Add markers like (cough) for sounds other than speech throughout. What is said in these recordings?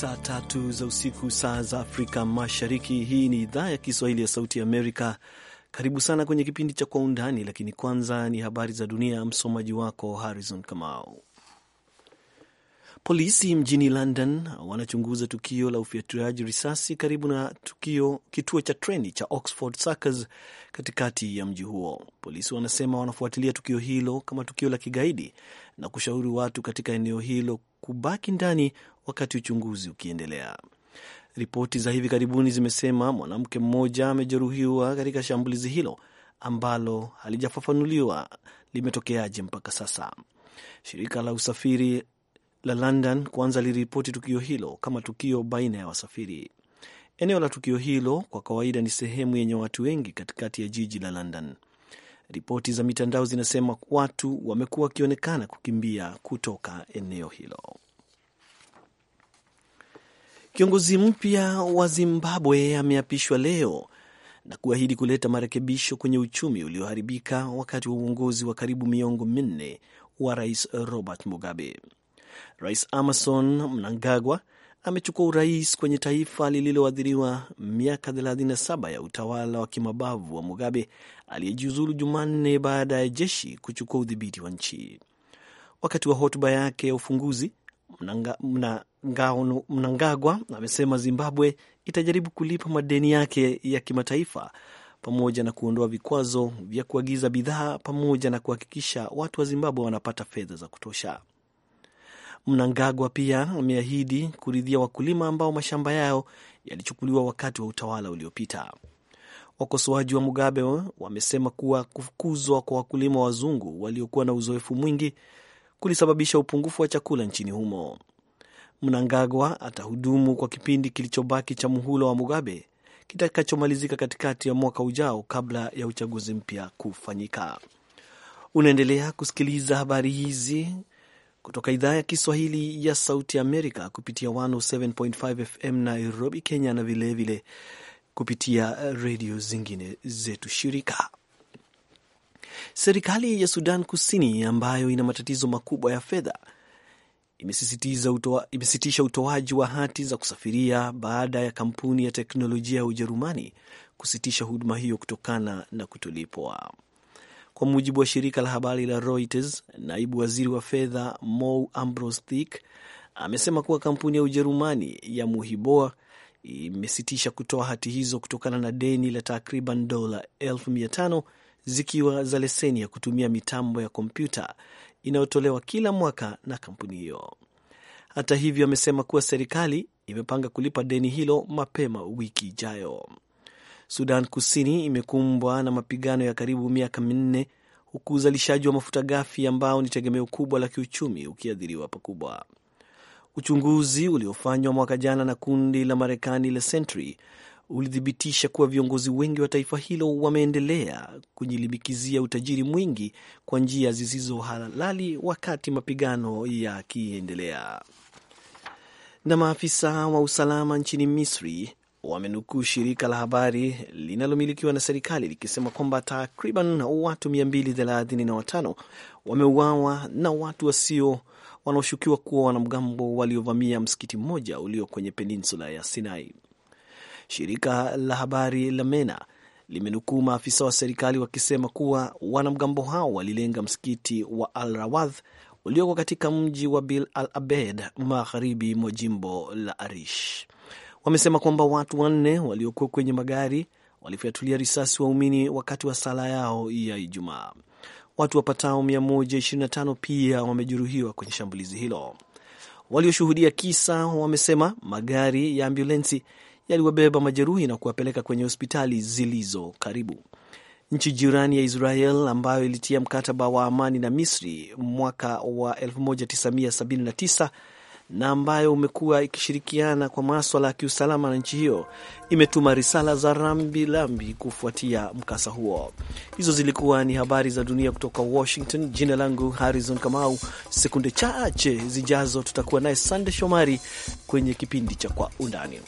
saa tatu za usiku, saa za Afrika Mashariki. Hii ni idhaa ya Kiswahili ya Sauti ya Amerika. Karibu sana kwenye kipindi cha Kwa Undani, lakini kwanza ni habari za dunia. Msomaji wako Harrison Kamau. Polisi mjini London wanachunguza tukio la ufyatuaji risasi karibu na tukio kituo cha treni cha Oxford Circus katikati ya mji huo. Polisi wanasema wanafuatilia tukio hilo kama tukio la kigaidi na kushauri watu katika eneo hilo kubaki ndani wakati uchunguzi ukiendelea. Ripoti za hivi karibuni zimesema mwanamke mmoja amejeruhiwa katika shambulizi hilo ambalo halijafafanuliwa limetokeaje mpaka sasa. Shirika la usafiri la London kwanza liliripoti tukio hilo kama tukio baina ya wasafiri. Eneo la tukio hilo kwa kawaida ni sehemu yenye watu wengi katikati ya jiji la London. Ripoti za mitandao zinasema watu wamekuwa wakionekana kukimbia kutoka eneo hilo. Kiongozi mpya wa Zimbabwe ameapishwa leo na kuahidi kuleta marekebisho kwenye uchumi ulioharibika wakati wa uongozi wa karibu miongo minne wa Rais Robert Mugabe. Rais Emmerson Mnangagwa amechukua urais kwenye taifa lililoathiriwa miaka 37 ya utawala wa kimabavu wa Mugabe aliyejiuzulu Jumanne baada ya jeshi kuchukua udhibiti wa nchi. Wakati wa hotuba yake ya ufunguzi Mnanga, Mnangagwa amesema Zimbabwe itajaribu kulipa madeni yake ya kimataifa pamoja na kuondoa vikwazo vya kuagiza bidhaa pamoja na kuhakikisha watu wa Zimbabwe wanapata fedha za kutosha. Mnangagwa pia ameahidi kuridhia wakulima ambao mashamba yao yalichukuliwa wakati wa utawala uliopita. Wakosoaji wa Mugabe wamesema kuwa kufukuzwa kwa wakulima wazungu waliokuwa na uzoefu mwingi kulisababisha upungufu wa chakula nchini humo. Mnangagwa atahudumu kwa kipindi kilichobaki cha muhula wa Mugabe kitakachomalizika katikati ya mwaka ujao kabla ya uchaguzi mpya kufanyika. Unaendelea kusikiliza habari hizi kutoka idhaa ya Kiswahili ya Sauti Amerika kupitia 107.5 FM Nairobi, Kenya, na vilevile kupitia redio zingine zetu shirika. Serikali ya Sudan Kusini ambayo ina matatizo makubwa ya fedha imesitisha utoaji wa hati za kusafiria baada ya kampuni ya teknolojia ya Ujerumani kusitisha huduma hiyo kutokana na kutolipwa. Kwa mujibu wa shirika la habari la Reuters, naibu waziri wa fedha Mo ambrostik Thick amesema kuwa kampuni ya Ujerumani ya Muhiboa imesitisha kutoa hati hizo kutokana na deni la takriban dola elfu mia tano zikiwa za leseni ya kutumia mitambo ya kompyuta inayotolewa kila mwaka na kampuni hiyo. Hata hivyo, amesema kuwa serikali imepanga kulipa deni hilo mapema wiki ijayo. Sudan Kusini imekumbwa na mapigano ya karibu miaka minne huku uzalishaji wa mafuta ghafi ambao ni tegemeo kubwa la kiuchumi ukiathiriwa pakubwa. Uchunguzi uliofanywa mwaka jana na kundi la Marekani la Sentry ulithibitisha kuwa viongozi wengi wa taifa hilo wameendelea kujilimbikizia utajiri mwingi kwa njia zisizo halali wakati mapigano yakiendelea. Na maafisa wa usalama nchini Misri wamenukuu shirika la habari linalomilikiwa na serikali likisema kwamba takriban watu 235 wameuawa na watu wasio wanaoshukiwa kuwa wanamgambo waliovamia msikiti mmoja ulio kwenye peninsula ya Sinai. Shirika la habari la MENA limenukuu maafisa wa serikali wakisema kuwa wanamgambo hao walilenga msikiti wa Al Rawadh ulioko katika mji wa Bil Al Abed magharibi mwa jimbo la Arish. Wamesema kwamba watu wanne waliokuwa kwenye magari walifyatulia risasi waumini wakati wa sala yao ya Ijumaa. Watu wapatao 125 pia wamejeruhiwa kwenye shambulizi hilo. Walioshuhudia kisa wamesema magari ya ambulensi yaliwabeba majeruhi na kuwapeleka kwenye hospitali zilizo karibu. Nchi jirani ya Israel ambayo ilitia mkataba wa amani na Misri mwaka wa 1979 na ambayo umekuwa ikishirikiana kwa maswala ya kiusalama na nchi hiyo imetuma risala za rambirambi kufuatia mkasa huo. Hizo zilikuwa ni habari za dunia kutoka Washington. Jina langu Harrison Kamau. Sekunde chache zijazo tutakuwa naye Sande Shomari kwenye kipindi cha Kwa Undani.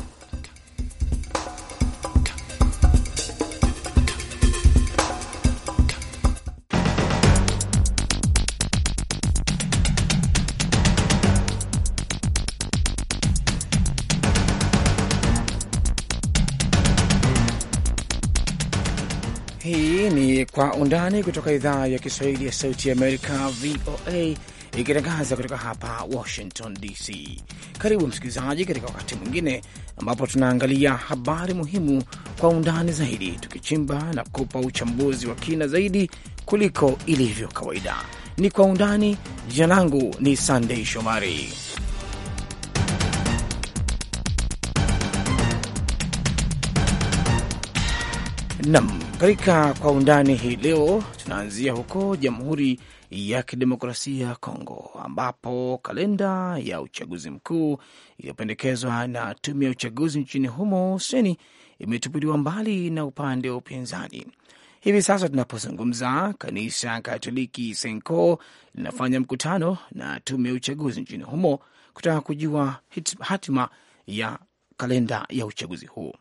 Kwa Undani kutoka idhaa ya Kiswahili ya Sauti ya Amerika, VOA, ikitangaza kutoka hapa Washington DC. Karibu msikilizaji, katika wakati mwingine ambapo tunaangalia habari muhimu kwa undani zaidi, tukichimba na kupa uchambuzi wa kina zaidi kuliko ilivyo kawaida. Ni Kwa Undani. Jina langu ni Sandei Shomari. Nam, katika kwa undani hii leo tunaanzia huko Jamhuri ya Kidemokrasia ya Kongo, ambapo kalenda ya uchaguzi mkuu iliyopendekezwa na tume ya uchaguzi nchini humo seni imetupiliwa mbali na upande wa upinzani. Hivi sasa tunapozungumza, kanisa Katoliki Senko linafanya mkutano na tume ya uchaguzi nchini humo kutaka kujua hatima ya kalenda ya uchaguzi huo.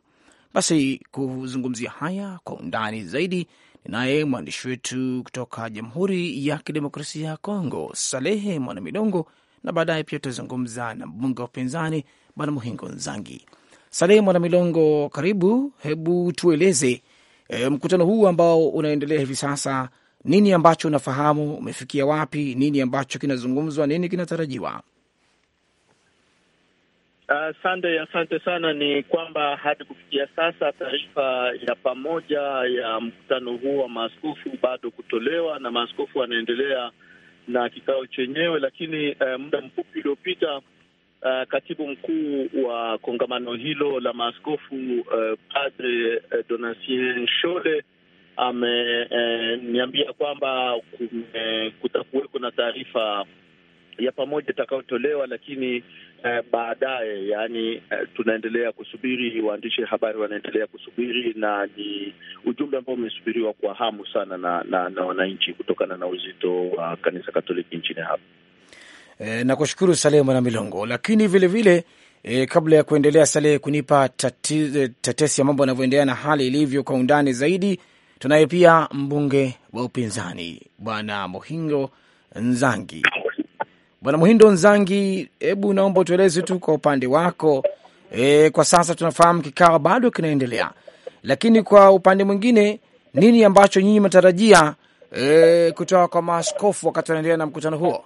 Basi kuzungumzia haya kwa undani zaidi ninaye mwandishi wetu kutoka Jamhuri ya Kidemokrasia ya Kongo, Salehe Mwanamilongo, na baadaye pia tutazungumza na mbunge wa upinzani Bwana Muhingo Nzangi. Salehe Mwanamilongo, karibu. Hebu tueleze e, mkutano huu ambao unaendelea hivi sasa, nini ambacho unafahamu? Umefikia wapi? Nini ambacho kinazungumzwa? Nini kinatarajiwa? Asante uh, asante sana. Ni kwamba hadi kufikia sasa taarifa ya pamoja ya mkutano huu wa maaskofu bado kutolewa na maaskofu wanaendelea na kikao chenyewe, lakini uh, muda mfupi uliopita uh, katibu mkuu wa kongamano hilo la maaskofu uh, Padre uh, Donatien Shole ameniambia uh, kwamba kutakuweko na taarifa ya pamoja itakayotolewa, lakini eh, baadaye. Yaani eh, tunaendelea kusubiri, waandishi habari wanaendelea kusubiri, na ni ujumbe ambao umesubiriwa kwa hamu sana na, na, na wananchi kutokana na uzito wa uh, kanisa Katoliki nchini hapa. Eh, na kushukuru Salehe Mwana Milongo, lakini vilevile vile... E, kabla ya kuendelea Salehe kunipa tati, tetesi ya mambo yanavyoendelea na hali ilivyo kwa undani zaidi, tunaye pia mbunge wa upinzani Bwana Mohingo Nzangi Bwana Muhindo Nzangi, hebu naomba utueleze tu kwa upande wako. E, kwa sasa tunafahamu kikao bado kinaendelea, lakini kwa upande mwingine, nini ambacho nyinyi mnatarajia e, kutoka kwa maaskofu wakati wanaendelea na mkutano huo?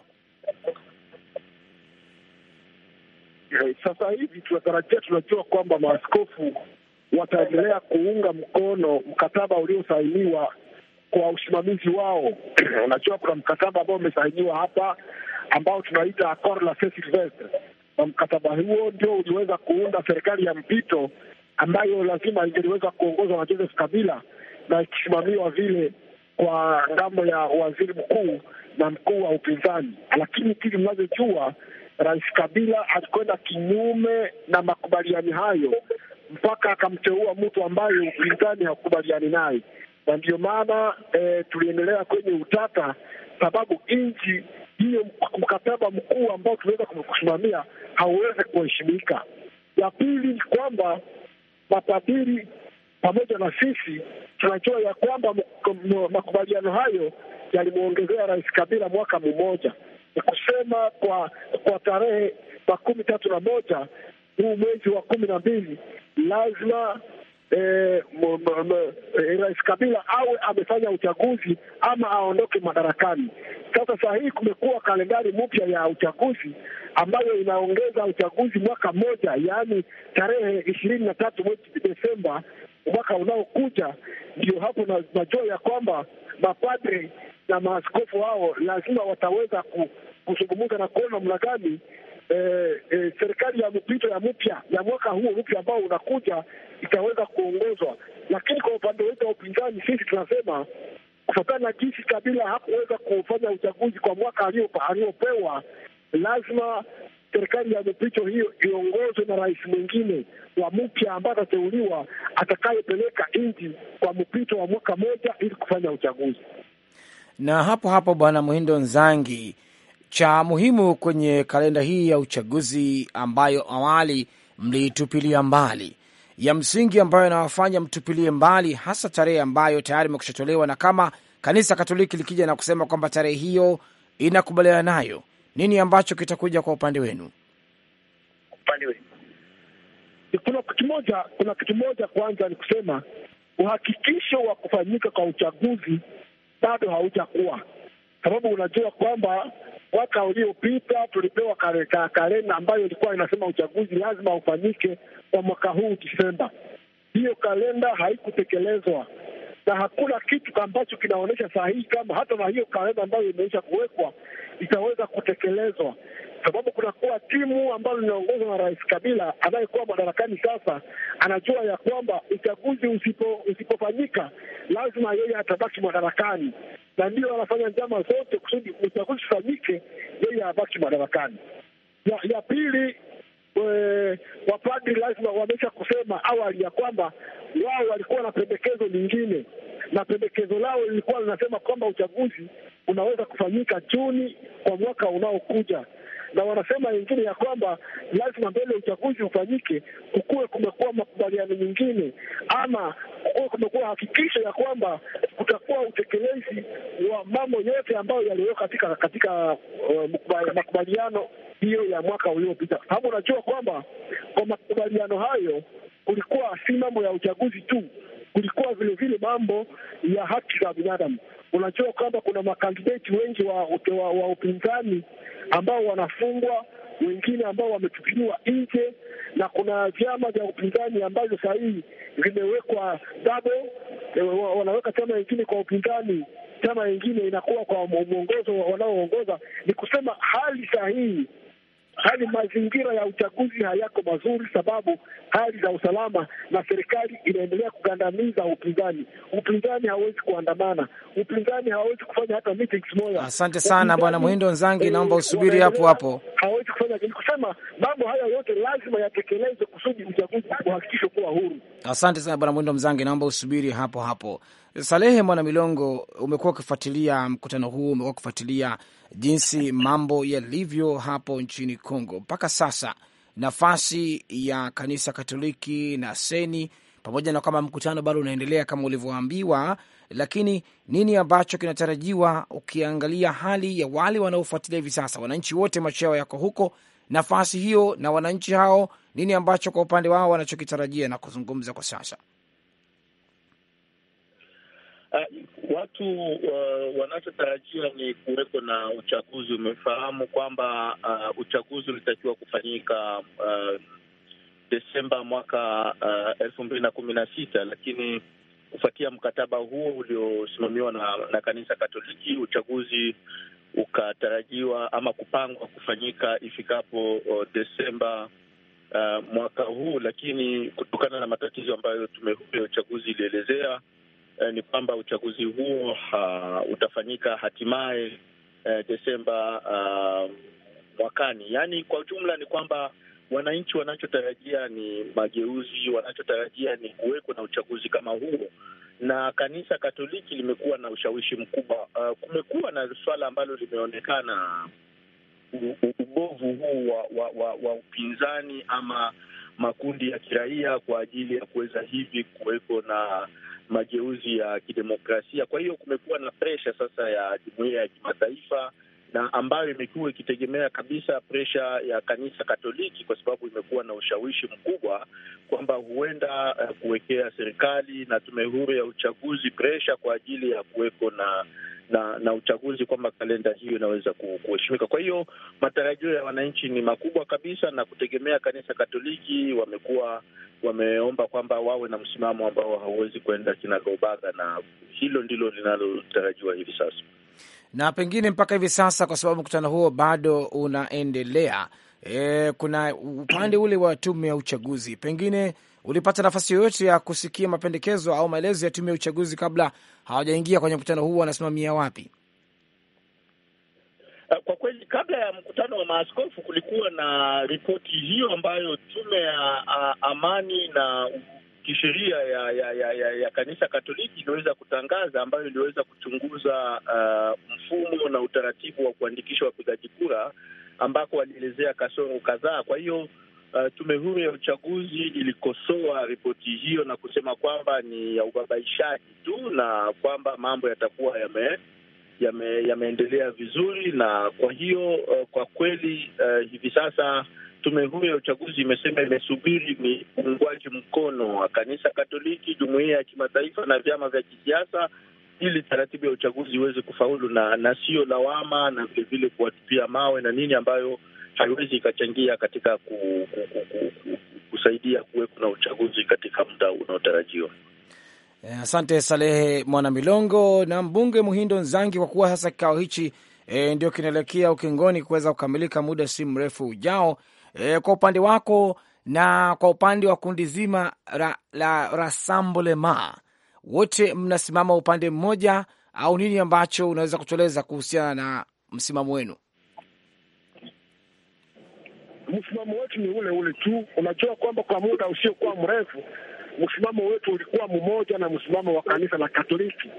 E, sasa hivi tunatarajia, tunajua kwamba maaskofu wataendelea kuunga mkono mkataba uliosainiwa kwa usimamizi wao. (clears throat) Unajua kuna mkataba ambao umesainiwa hapa ambao tunaita accord la Saint Sylvestre, na mkataba huo ndio uliweza kuunda serikali ya mpito ambayo lazima ingeliweza kuongozwa na Joseph Kabila na ikisimamiwa vile kwa ngambo ya waziri mkuu na mkuu wa upinzani. Lakini kili mnavyojua, Rais Kabila alikwenda kinyume na makubaliano hayo mpaka akamteua mtu ambaye upinzani hakukubaliani naye, na ndiyo maana e, tuliendelea kwenye utata, sababu nchi hiyo mkataba mkuu ambao tunaweza kusimamia hauwezi kuheshimika. Ya pili ni kwamba matabiri pamoja na sisi tunajua ya kwamba makubaliano hayo yalimwongezea Rais Kabila mwaka mmoja, ni kusema kwa kwa tarehe makumi tatu na moja huu mwezi wa kumi na mbili lazima eh, Rais Kabila awe amefanya uchaguzi ama aondoke madarakani. Sasa saa hii kumekuwa kalendari mpya ya uchaguzi ambayo inaongeza uchaguzi mwaka moja, yaani tarehe ishirini na tatu mwezi Desemba mwaka unaokuja. Ndio hapo na najua ya kwamba mapadre na maaskofu hao lazima wataweza kuzungumza na kuona mnagani gani eh, eh, serikali ya mpito ya mpya ya mwaka huo mpya ambao unakuja itaweza kuongozwa. Lakini kwa upande wetu wa upinzani, sisi tunasema kufatana na jinsi Kabila hakuweza kufanya uchaguzi kwa mwaka aliyopewa, lazima serikali ya mpito hiyo iongozwe na rais mwingine wa mpya ambaye atateuliwa, atakayepeleka nchi kwa mpito wa mwaka moja ili kufanya uchaguzi. Na hapo hapo, Bwana muhindo Nzangi, cha muhimu kwenye kalenda hii ya uchaguzi ambayo awali mliitupilia mbali, ya msingi ambayo inawafanya mtupilie mbali hasa tarehe ambayo tayari imekushatolewa, na kama kanisa Katoliki likija na kusema kwamba tarehe hiyo inakubaliana nayo, nini ambacho kitakuja kwa upande wenu? Upande wenu kuna kitu moja, kuna kitu moja kwanza ni kusema uhakikisho wa kufanyika kwa uchaguzi bado haujakuwa sababu unajua kwamba mwaka uliopita tulipewa kalenda kale ambayo ilikuwa inasema uchaguzi lazima ufanyike kwa mwaka huu Disemba. Hiyo kalenda haikutekelezwa na hakuna kitu ambacho kinaonyesha saa hii kama hata na hiyo kalenda ambayo imeisha kuwekwa itaweza kutekelezwa sababu kunakuwa timu ambayo linaongozwa na Rais Kabila anayekuwa madarakani sasa, anajua ya kwamba uchaguzi usipo usipofanyika lazima yeye atabaki madarakani, na ndio anafanya njama zote kusudi uchaguzi ufanyike, yeye abaki madarakani. Ya, ya pili eh, wapadri lazima wamesha kusema awali ya kwamba wao walikuwa na pendekezo lingine, na pendekezo lao lilikuwa linasema kwamba uchaguzi unaweza kufanyika Juni kwa mwaka unaokuja, na wanasema wengine ya kwamba lazima mbele uchaguzi ufanyike, kukuwe kumekuwa makubaliano nyingine, ama kukuwe kumekuwa hakikisho ya kwamba kutakuwa utekelezi wa mambo yote ambayo yaliyo katika katika uh, makubaliano hiyo ya mwaka uliopita, kwa sababu unajua kwamba kwa makubaliano hayo kulikuwa si mambo ya uchaguzi tu kulikuwa vilevile mambo ya haki za binadamu. Unajua kwamba kuna makandidati wengi wa, wa, wa upinzani ambao wanafungwa, wengine ambao wametupiliwa nje, na kuna vyama vya upinzani ambavyo saa hii vimewekwa dabo, e, wanaweka chama yingine kwa upinzani chama yingine inakuwa kwa mwongozo wanaoongoza. Ni kusema hali sahihi hali mazingira ya uchaguzi hayako mazuri, sababu hali za usalama na serikali inaendelea kugandamiza upinzani. Upinzani hawezi kuandamana, upinzani hawezi kufanya hata meetings moja. Asante sana Bwana mwindo Nzangi, naomba usubiri hapo hapo. Hawezi kufanya kusema mambo haya yote lazima yatekelezwe kusudi uchaguzi uhakikishwe kuwa huru. Asante sana Bwana Mwindo Mzangi, naomba usubiri hapo hapo. Salehe Mwana Milongo, umekuwa ukifuatilia mkutano huu, umekuwa ukifuatilia jinsi mambo yalivyo hapo nchini congo mpaka sasa, nafasi ya kanisa Katoliki na seni pamoja na kwamba mkutano bado unaendelea kama ulivyoambiwa, lakini nini ambacho kinatarajiwa ukiangalia hali ya wale wanaofuatilia hivi sasa? Wananchi wote macho yao yako huko, nafasi hiyo na wananchi hao, nini ambacho kwa upande wao wanachokitarajia na kuzungumza kwa sasa? Uh, watu uh, wanachotarajia ni kuweko na uchaguzi. Umefahamu kwamba uh, uchaguzi ulitakiwa kufanyika uh, Desemba mwaka uh, elfu mbili na kumi na sita, lakini kufuatia mkataba huo uliosimamiwa na, na kanisa Katoliki uchaguzi ukatarajiwa ama kupangwa kufanyika ifikapo uh, Desemba uh, mwaka huu, lakini kutokana na matatizo ambayo tume ya uchaguzi ilielezea eh, ni kwamba uchaguzi huo uh, utafanyika hatimaye eh, Desemba uh, mwakani. Yaani kwa ujumla ni kwamba wananchi wanachotarajia ni mageuzi, wanachotarajia ni kuweko na uchaguzi kama huo, na kanisa Katoliki limekuwa na ushawishi mkubwa. Uh, kumekuwa na suala ambalo limeonekana ubovu huu wa, wa, wa, wa upinzani ama makundi ya kiraia kwa ajili ya kuweza hivi kuweko na mageuzi ya kidemokrasia. Kwa hiyo kumekuwa na presha sasa ya jumuiya ya kimataifa na ambayo imekuwa ikitegemea kabisa presha ya kanisa Katoliki kwa sababu imekuwa na ushawishi mkubwa kwamba huenda eh, kuwekea serikali na tume huru ya uchaguzi presha kwa ajili ya kuweko na na na uchaguzi kwamba kalenda hiyo inaweza kuheshimika. Kwa hiyo matarajio ya wananchi ni makubwa kabisa, na kutegemea kanisa Katoliki wamekuwa wameomba kwamba wawe na msimamo ambao hauwezi kuenda kinagaubaga, na hilo ndilo linalotarajiwa hivi sasa na pengine mpaka hivi sasa, kwa sababu mkutano huo bado unaendelea. E, kuna upande ule wa tume ya uchaguzi pengine ulipata nafasi yoyote ya kusikia mapendekezo au maelezo ya tume ya uchaguzi kabla hawajaingia kwenye mkutano huu? Wanasimamia wapi? Eh, kwa kweli, kabla ya mkutano wa maaskofu kulikuwa na ripoti hiyo ambayo tume ya amani na kisheria ya, ya, ya, ya, ya kanisa Katoliki iliweza kutangaza ambayo iliweza kuchunguza uh, mfumo na utaratibu wa kuandikisha wapigaji kura ambako walielezea kasoro kadhaa. Kwa hiyo Uh, tume huru ya uchaguzi ilikosoa ripoti hiyo na kusema kwamba ni ya ubabaishaji tu na kwamba mambo yatakuwa yame yame- yameendelea vizuri na kwa hiyo uh, kwa kweli uh, hivi sasa tume huru ya uchaguzi imesema imesubiri ni uungwaji mkono wa kanisa Katoliki, jumuiya ya kimataifa na vyama vya kisiasa ili taratibu ya uchaguzi iweze kufaulu na na sio lawama na vilevile kuwatupia mawe na nini ambayo haiwezi ikachangia katika ku, ku, ku, ku, kusaidia kuweko na uchaguzi katika muda unaotarajiwa. Eh, asante Salehe Mwana Milongo na mbunge Muhindo Nzangi, kwa kuwa sasa kikao hichi e, ndio kinaelekea ukingoni kuweza kukamilika muda si mrefu ujao. E, kwa upande wako na kwa upande wa kundi zima ra, la Rassemblement, wote mnasimama upande mmoja au nini ambacho unaweza kutueleza kuhusiana na msimamo wenu? msimamo wetu ni ule ule tu. Unajua kwamba kwa muda usiokuwa mrefu msimamo wetu ulikuwa mmoja na msimamo wa kanisa la Katoliki,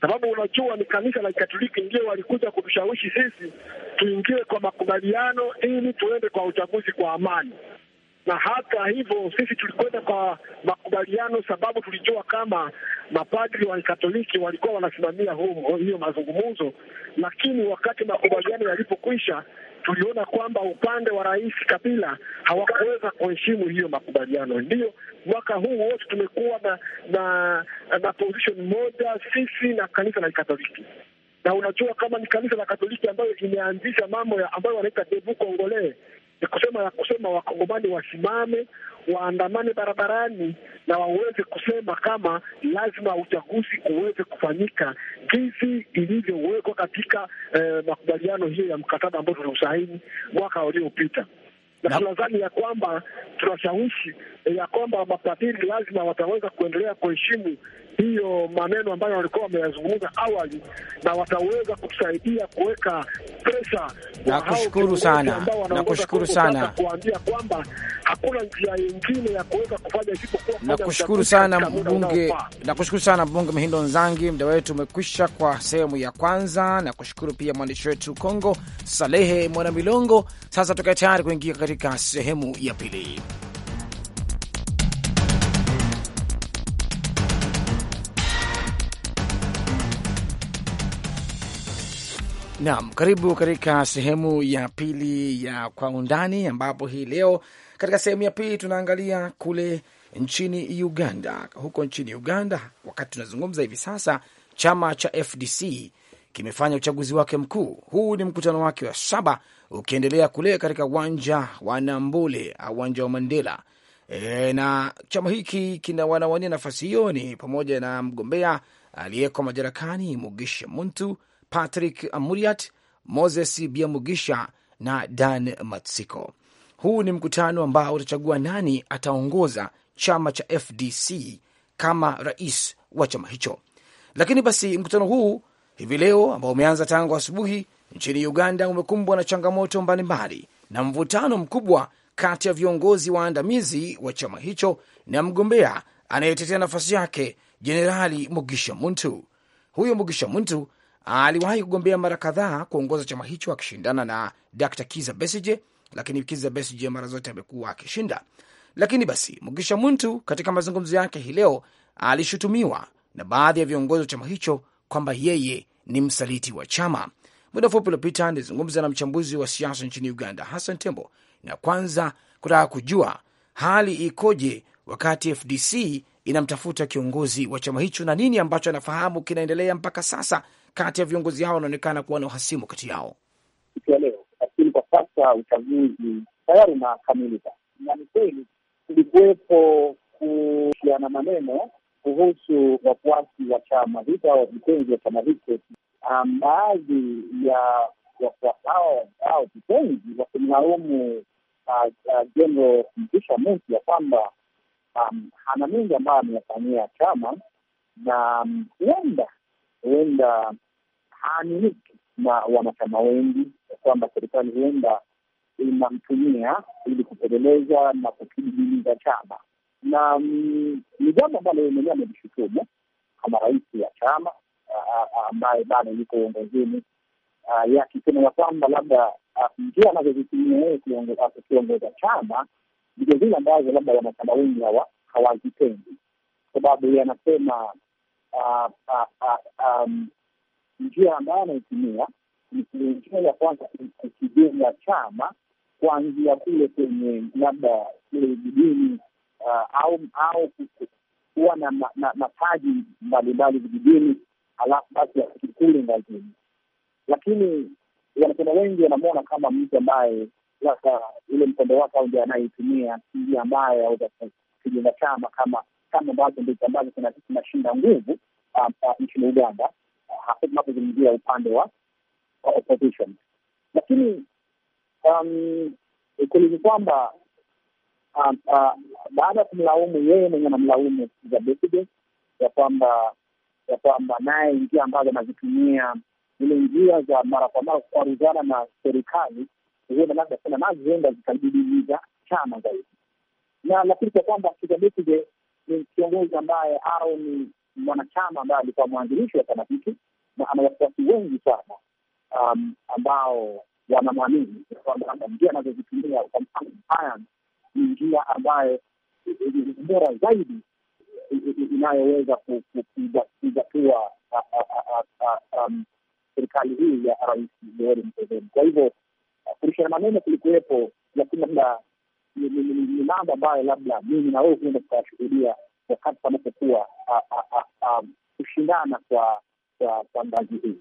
sababu unajua ni kanisa la Katoliki ndio walikuja kutushawishi sisi tuingie kwa makubaliano ili tuende kwa uchaguzi kwa amani na hata hivyo sisi tulikwenda kwa makubaliano, sababu tulijua kama mapadri wa Katoliki walikuwa wanasimamia hiyo mazungumzo. Lakini wakati makubaliano yalipokwisha, tuliona kwamba upande wa Rais Kabila hawakuweza kuheshimu hiyo makubaliano. Ndiyo mwaka huu wote tumekuwa na na, na position moja sisi na kanisa la Katoliki na unajua kama ni kanisa la Katoliki ambayo imeanzisha mambo ya ambayo wanaita debu kongole ni kusema kusema wakongomani wasimame, waandamane barabarani na waweze kusema kama lazima uchaguzi uweze kufanyika jinsi ilivyowekwa katika eh, makubaliano hiyo ya mkataba ambao tuliusaini mwaka uliopita na tunadhani ya kwamba tunashawishi eh, ya kwamba mapadiri lazima wataweza kuendelea kuheshimu hiyo maneno ambayo walikuwa wameyazungumza awali, na wataweza kutusaidia kuweka presa. Nakushukuru sana, nakushukuru sana, kuambia kwamba hakuna njia nyingine ya kuweza kufanya isipokuwa. Nakushukuru sana mbunge, nakushukuru sana mbunge Mhindo Nzangi. Muda wetu umekwisha kwa sehemu ya kwanza. Nakushukuru pia mwandishi wetu Kongo Salehe Mwanamilongo. Sasa tukae tayari kuingia katika sehemu ya pili. Naam, karibu katika sehemu ya pili ya Kwa Undani, ambapo hii leo katika sehemu ya pili tunaangalia kule nchini Uganda. Huko nchini Uganda, wakati tunazungumza hivi sasa, chama cha FDC kimefanya uchaguzi wake mkuu. Huu ni mkutano wake wa saba ukiendelea kule katika uwanja wa Nambole au uwanja wa Mandela. E, na chama hiki kina wanawania nafasi hiyo ni pamoja na mgombea aliyeko madarakani Mugisha Muntu, Patrick Amuriat, Moses Biamugisha na Dan Matsiko. Huu ni mkutano ambao utachagua nani ataongoza chama cha FDC kama rais wa chama hicho. Lakini basi mkutano huu hivi leo ambao umeanza tangu asubuhi nchini Uganda umekumbwa na changamoto mbalimbali na mvutano mkubwa kati ya viongozi waandamizi wa chama hicho na mgombea anayetetea nafasi yake Jenerali Mugisha Muntu. Huyo Mugisha Muntu aliwahi kugombea mara kadhaa kuongoza chama hicho akishindana na Dr Kiza Besije, lakini Kiza Besije mara zote amekuwa akishinda. Lakini basi Mugisha Muntu katika mazungumzo yake hii leo alishutumiwa na baadhi ya viongozi wa chama hicho kwamba yeye ni msaliti wa chama. Muda mfupi uliopita nilizungumza na mchambuzi wa siasa nchini Uganda, Hassan Tembo, na kwanza kutaka kujua hali ikoje wakati FDC inamtafuta kiongozi wa chama hicho na nini ambacho anafahamu kinaendelea mpaka sasa. Kati ya viongozi hao wanaonekana kuwa na uhasimu kati yao sikia leo, lakini kwa sasa uchaguzi tayari unakamilika, na ni kweli kulikuwepo kuiana maneno kuhusu wafuasi wa chama hicho au vitenzi wa chama hicho. Um, baadhi ya wafuasi hao au vitenzi wakimlaumu Jenerali uh, uh, mpisha muti ya kwamba um, hana mengi ambayo ameyafanyia chama na um, huenda huenda haaminiki na wanachama wengi, kwamba serikali huenda inamtumia ili kupeleleza na kukidiliza chama na mm, ni jambo ambalo mwenyewe amelishutumu kama rais wa chama ambaye bado yuko uongozini, yakisema ya kwamba labda njia anazozitumia yeye akiongoza chama ndio zile ambazo labda wanachama wengi hawazipendi, sababu yeye anasema njia ambayo anaitumia ni njia ya kwanza kukijenga chama kuanzia kule kwenye labda kule jijini uh, au au kuwa na mataji mbalimbali vijijini, alafu basi afiki ngazini. Lakini wanachama wengi wanamwona kama mtu ambaye sasa ule mkondo wake au ndio anayeitumia njia ambayo aweza kujenga chama kama kama ambazo ndio ambazo zinashinda nguvu uh, uh, nchini Uganda, uh, hasa tunapozungumzia upande wa opposition. Lakini um, ukweli ni kwamba Ah, ah, baada ya kumlaumu yeye mwenye anamlaumu za Besigye ya kwamba ya kwamba naye njia ambazo anazitumia zile njia za mara kwa mara kukwaruzana na serikali, huenda labda tena nazo huenda zikajidiliza chama zaidi, na lakini kwa kwamba Kizza Besigye ni kiongozi ambaye au ni mwanachama ambaye alikuwa mwanzilishi wa chama hiki na ana wafuasi wengi sana um, ambao wanamwamini kwamba njia anazozitumia kwa mfano ni njia ambayo eh, eh, eh, bora zaidi inayoweza kuigatua um, serikali hii ya Rais Yoweri Museveni. Kwa hivyo kurishana maneno kulikuwepo, lakini labda ni mambo ambayo labda mimi na wewe huenda tukayashuhudia wakati panapokuwa kushindana kwa ngazi hii.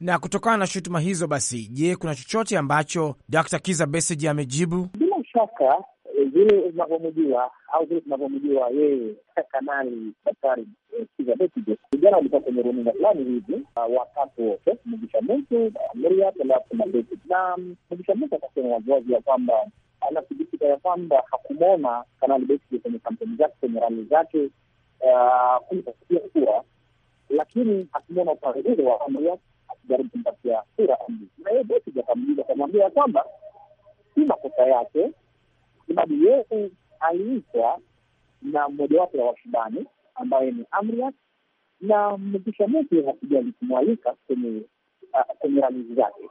Na kutokana na shutuma hizo basi, je, kuna chochote ambacho Dr. Kiza Besigye amejibu? Bila shaka vile unavyomjua au vile tunavyomjua yeye Kanali Daktari Kizza Besigye, vijana walikuwa kwenye runinga fulani hivi ah, wakati wote, Mugisha Muntu, Mariat alafu na Besigye, na Mugisha Muntu akasema waziwazi ya kwamba anathibitika ya kwamba hakumwona Kanali Besigye kwenye kampeni zake, kwenye rali zake ah, kumpatia kura, lakini hakumwona upande ule wa Mariat akijaribu kumpatia kura. Na yeye Besigye akamuuliza, akamwambia ya kwamba si makosa yake sababu Yesu aliitwa na mmojawapo wa washindani ambaye ni Amriat na mkisha Mtu hakijali alikumwalika kwenye ah, kwenye ramizi zake.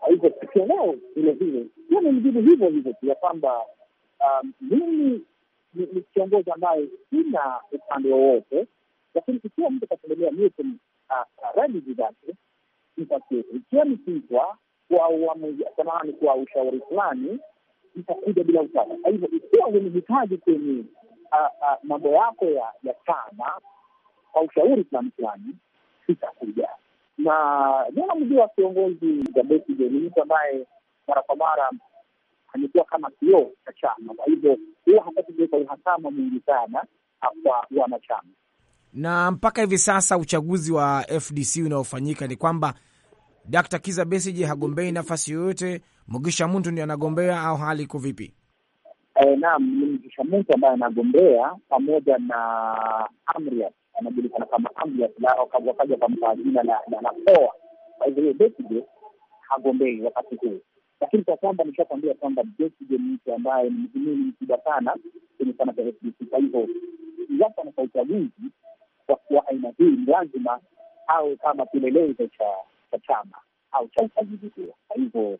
Kwa hivyo tukio leo vile vile pia mjibu hivyo hivyo pia kwamba um, mimi ni kiongozi ambaye sina upande wowote, lakini ikiwa mtu atatembelea mtu ah, ah, ramizi zake ikiwa nikiitwa kwa samahani, kwa ushauri fulani itakuja bila utata. Kwa hivyo ikiwa umehitaji kwenye mambo yako ya ya chama kwa ushauri fulani fulani, itakuja Na wa kiongozi Kabwesigye ni mtu ambaye mara kwa mara amekuwa kama kioo cha chama, kwa hivyo huwa hapati kuweka uhasama mwingi sana kwa wanachama. Na mpaka hivi sasa uchaguzi wa FDC unaofanyika ni kwamba Dkt. Kiza Besije hagombei nafasi yoyote. Mugisha Muntu ndio anagombea au hali iko vipi? E, naam, ni Mugisha Muntu ambaye anagombea pamoja na Amriat, anajulikana kama Amriat, wakaja kwa jina la Napoa. Kwa hivyo hiyo Besije hagombei wakati huu, lakini kwa kwamba nishakwambia kwamba Besije ni mtu ambaye ni mkubwa sana kwenye chama cha FDC. Kwa hivyo iwapo na kwa uchaguzi kwa kuwa aina hii lazima awe kama kilelezo cha cha chama au cha uchaguzi huo. Kwa hivyo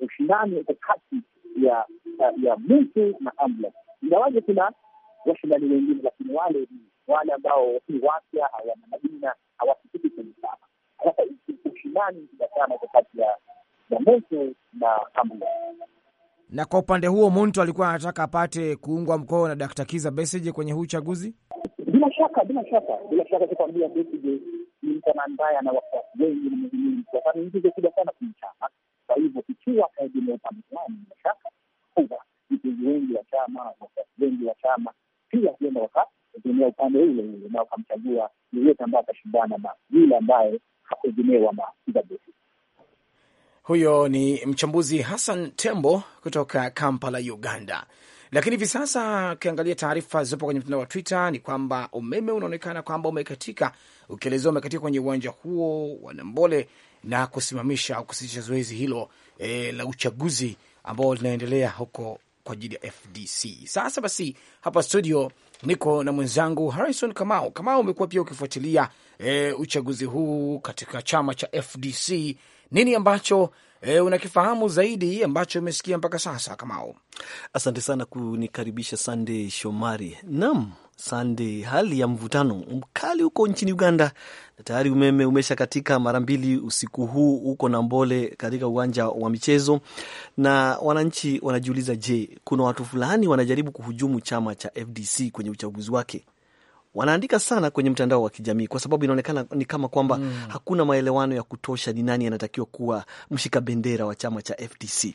ushindani uko kati ya ya mtu na ambulance. Ingawaje kuna washindani wengine, lakini wale ni wale ambao ni wapya, hawana majina, hawasikiki kwenye chama. Sasa ushindani wa chama uko kati ya mtu na ambulance na kwa upande huo Muntu alikuwa anataka apate kuungwa mkono na Dakta Kiza Besije kwenye huu uchaguzi. Bila shaka, bila shaka, bila shaka, kukwambia Besije alikuwa na ambaye ana wafuasi wengi na mwenye nchi kubwa sana chama Kwa hivyo ikiwa ataegemea upande fulani, bila shaka kuwa viongozi wengi wa chama, wafuasi wengi wa chama pia huenda wakaegemea upande ule ule na wakamchagua yeyote ambaye atashindana na yule ambaye hakuegemewa na CWT. Huyo ni mchambuzi Hassan Tembo kutoka Kampala, Uganda. Lakini hivi sasa ukiangalia taarifa zilizopo kwenye mtandao wa Twitter ni kwamba umeme unaonekana kwamba umekatika, ukielezea umekatika kwenye uwanja huo wa Nambole na kusimamisha au kusitisha zoezi hilo e, la uchaguzi ambao linaendelea huko kwa ajili ya FDC. Sasa basi, hapa studio niko na mwenzangu Harrison Kamau. Kamau, umekuwa pia ukifuatilia e, uchaguzi huu katika chama cha FDC, nini ambacho e, unakifahamu zaidi ambacho umesikia mpaka sasa kamau Asante sana kunikaribisha Sande Shomari. Naam, Sande, hali ya mvutano mkali huko nchini Uganda na tayari umeme umesha katika mara mbili usiku huu huko mbole katika uwanja wa michezo, na wananchi wanajiuliza, je, kuna watu fulani wanajaribu kuhujumu chama cha FDC kwenye uchaguzi wake wanaandika sana kwenye mtandao wa kijamii kwa sababu inaonekana ni kama kwamba mm. hakuna maelewano ya kutosha ni nani anatakiwa kuwa mshika bendera wa chama cha FDC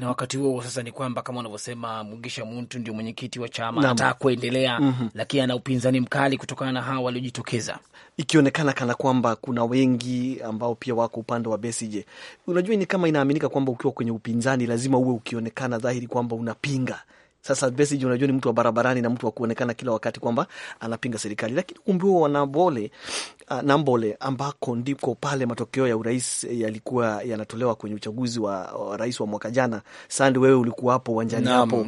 na wakati huo sasa ni kwamba kama unavyosema Mugisha Muntu ndio mwenyekiti wa chama, anataka kuendelea mm -hmm. lakini ana upinzani mkali kutokana na hawa waliojitokeza, ikionekana kana kwamba kuna wengi ambao pia wako upande wa Besije. Unajua, ni kama inaaminika kwamba ukiwa kwenye upinzani lazima uwe ukionekana dhahiri kwamba unapinga sasa Besigye unajua ni mtu wa barabarani na mtu wa kuonekana kila wakati kwamba anapinga serikali, lakini ukumbi huo wa Nambole, uh, Nambole ambako ndiko pale matokeo ya urais yalikuwa yanatolewa kwenye uchaguzi wa, wa rais wa mwaka jana. Sande, wewe ulikuwa hapo uwanjani hapo,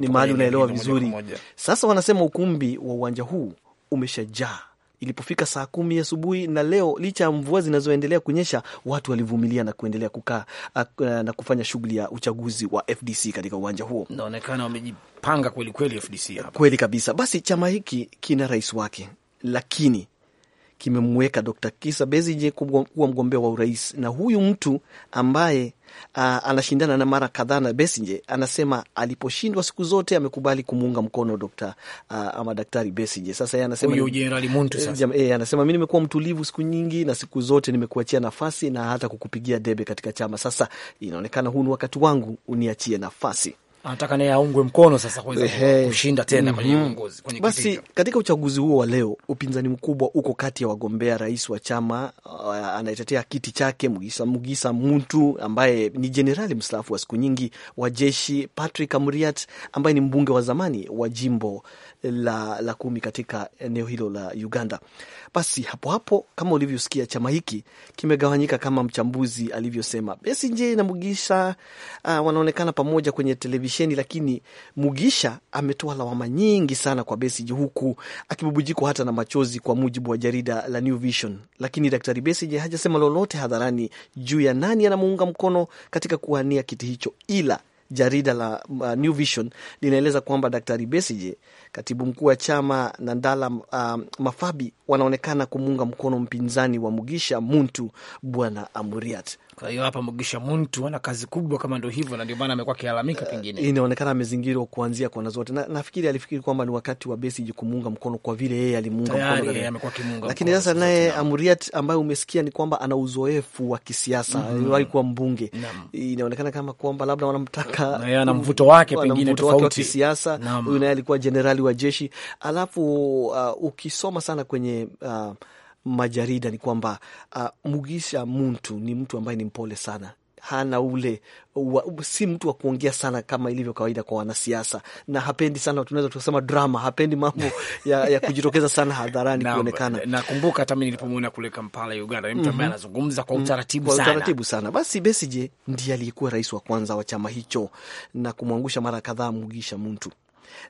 ni mahali unaelewa vizuri. Sasa wanasema ukumbi wa uwanja huu umeshajaa ilipofika saa kumi asubuhi. Na leo licha ya mvua zinazoendelea kunyesha, watu walivumilia na kuendelea kukaa eh, na kufanya shughuli ya uchaguzi wa FDC katika uwanja huo. Naonekana wamejipanga kweli kweli, FDC hapa kweli kabisa. Basi chama hiki kina rais wake, lakini kimemweka Dr. kisa Besigye kuwa mgombea wa urais, na huyu mtu ambaye uh, anashindana na mara kadhaa na Besigye anasema aliposhindwa siku zote amekubali kumuunga mkono Dr. uh, ama Daktari Besigye. Sasa yeye anasema huyu Jenerali Muntu eh, sasa, eh, anasema mimi nimekuwa mtulivu siku nyingi na siku zote nimekuachia nafasi na hata kukupigia debe katika chama. Sasa inaonekana huu ni wakati wangu, uniachie nafasi anataka naye aungwe mkono sasa kuweza kushinda tena mm -hmm. kwenye mhm. uongozi kwenye basi kipinga. Katika uchaguzi huo wa leo, upinzani mkubwa uko kati ya wagombea rais wa chama uh, anayetetea kiti chake Mugisa, Mugisa Muntu ambaye ni jenerali mstaafu wa siku nyingi wa jeshi, Patrick Amuriat ambaye ni mbunge wa zamani wa jimbo la, la kumi katika eneo hilo la Uganda. Basi hapo hapo, kama ulivyosikia, chama hiki kimegawanyika kama mchambuzi alivyosema nje na Mugisha. Uh, wanaonekana pamoja kwenye televisheni, lakini Mugisha ametoa lawama nyingi sana kwa Besigye, huku akibubujikwa hata na machozi, kwa mujibu wa jarida la New Vision. Lakini Daktari Besigye hajasema lolote hadharani juu ya nani anamuunga mkono katika kuwania kiti hicho, ila jarida la uh, New Vision linaeleza kwamba Daktari Besije, katibu mkuu wa chama na Ndala uh, Mafabi wanaonekana kumuunga mkono mpinzani wa Mugisha Muntu Bwana Amuriat. Kwa hiyo hapa Mugisha Muntu ana kazi kubwa, kama ndo hivyo, na ndio maana amekuwa akilalamika, eh, pengine inaonekana amezingirwa kuanzia kona zote, na nafikiri alifikiri kwamba ni wakati wa Besigye kumuunga mkono kwa vile yeye alimuunga mkono, lakini sasa naye Amuriat ambaye umesikia ni kwamba ana uzoefu wa kisiasa mm-hmm. aliwahi kuwa mbunge inaonekana kama kwamba labda wanamtaka na mvuto wake pengine tofauti wa kisiasa. Huyu naye alikuwa jenerali wa jeshi, alafu uh, ukisoma sana kwenye uh, majarida ni kwamba uh, Mugisha Muntu ni mtu ambaye ni mpole sana hana ule wa, si mtu wa kuongea sana kama ilivyo kawaida kwa wanasiasa, na hapendi sana, tunaweza tukasema drama, hapendi mambo (laughs) ya, ya kujitokeza sana hadharani kuonekana. Nakumbuka hata mimi nilipomwona kule Kampala Uganda, ni mtu ambaye mhm. anazungumza kwa mm. utaratibu sana, utaratibu sana. Basi Besigye ndiye aliyekuwa rais wa kwanza wa chama hicho na kumwangusha mara kadhaa Mugisha Muntu.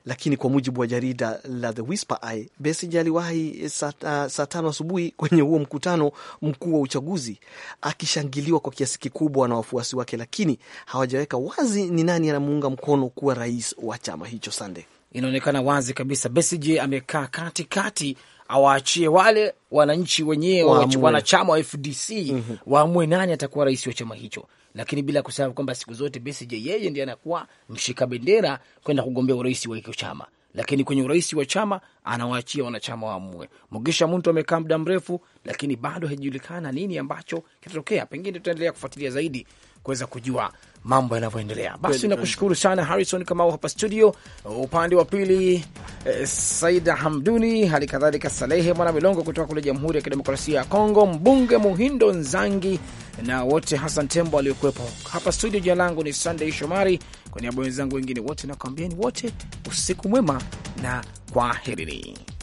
Lakini kwa mujibu wa jarida la The Whisper Eye, Besigye aliwahi eh, saa ah, sa tano asubuhi kwenye huo mkutano mkuu wa uchaguzi, akishangiliwa kwa kiasi kikubwa na wafuasi wake, lakini hawajaweka wazi ni nani anamuunga mkono kuwa rais wa chama hicho. Sande, inaonekana wazi kabisa Besigye amekaa katikati awaachie wale wananchi wenyewe wanachama wa FDC mm -hmm. waamue nani atakuwa rais wa chama hicho lakini bila kusema kwamba siku zote Besigye yeye ndiye anakuwa mshika bendera kwenda kugombea urais wa hicho chama, lakini kwenye urais wa chama anawaachia wanachama waamue. Mugisha Muntu amekaa muda mrefu, lakini bado haijulikana nini ambacho kitatokea. Pengine tutaendelea kufuatilia zaidi kuweza kujua mambo yanavyoendelea. Basi nakushukuru sana Harrison Kamau hapa studio, upande wa pili eh, Saida Hamduni, hali kadhalika Salehe Mwana Milongo kutoka kule Jamhuri ya Kidemokrasia ya Kongo, mbunge Muhindo Nzangi na wote Hassan Tembo aliokuwepo hapa studio. Jina langu ni Sunday Shomari, kwa niaba wenzangu wengine wote nakwambieni wote usiku mwema na kwaherini.